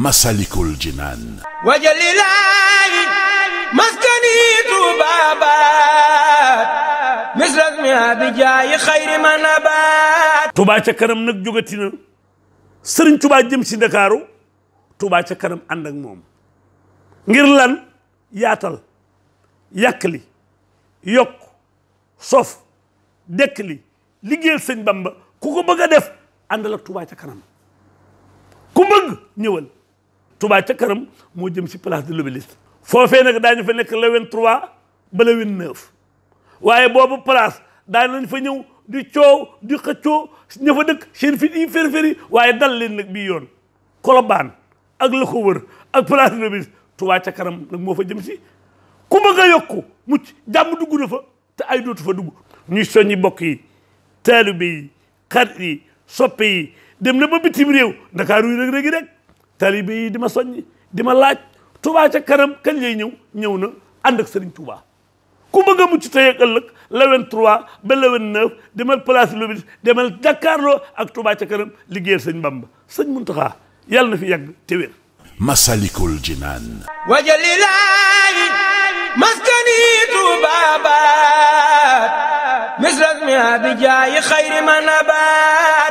Masalikul Jinaan wajalilaayi maskanitu baabaat misrasmi abijaayi xayri ma nabaat Touba ca kanam nag jógati na Sëriñ Touba jëm si Ndakaaru Touba ca kanam ànd ak moom ngir lan yaatal yàkkali yokk sof dekkali liggéeyal sëñ Bamba ku ko bëgg a def àndal ak ca kanam ku bëgg ñëwal tubaa ca kanam moo jëm si place de l'Obélisque foofee nag daañu fa nekk le 23 ba waaye boobu place daañu lañ fa ñëw di coow di xëccoo ña fa dëkk seen fit yi férféri waaye dal leen nag bii yoon Colobane ak la ak place de l'Obélisque Touba ca kanam nag moo fa jëm si ku bëgg yokku mucc jàmm dugg fa te ay dootu fa dugg ñuy soññi bokk yi taalibe yi xarit yi yi dem na ba bitim réew ndakaaru yi rëg-rëgi rek talibe yi di ma soññ di ma laaj Touba ca kanam kañ lay ñëw ñëw na ànd ak Serigne Touba ku bëgg a mucc tey ak ëllëg le 23 ba le 29 demal place Lobis demal jàkkaarloo ak Touba ca kanam liggéeyal sëñ Bamba sëñ Muntaxa yàlla na fi yàgg te wér. Masalikul Jinaan. wajalilaayi maskani Touba baat misras mi abijaayi xayri ma nabaat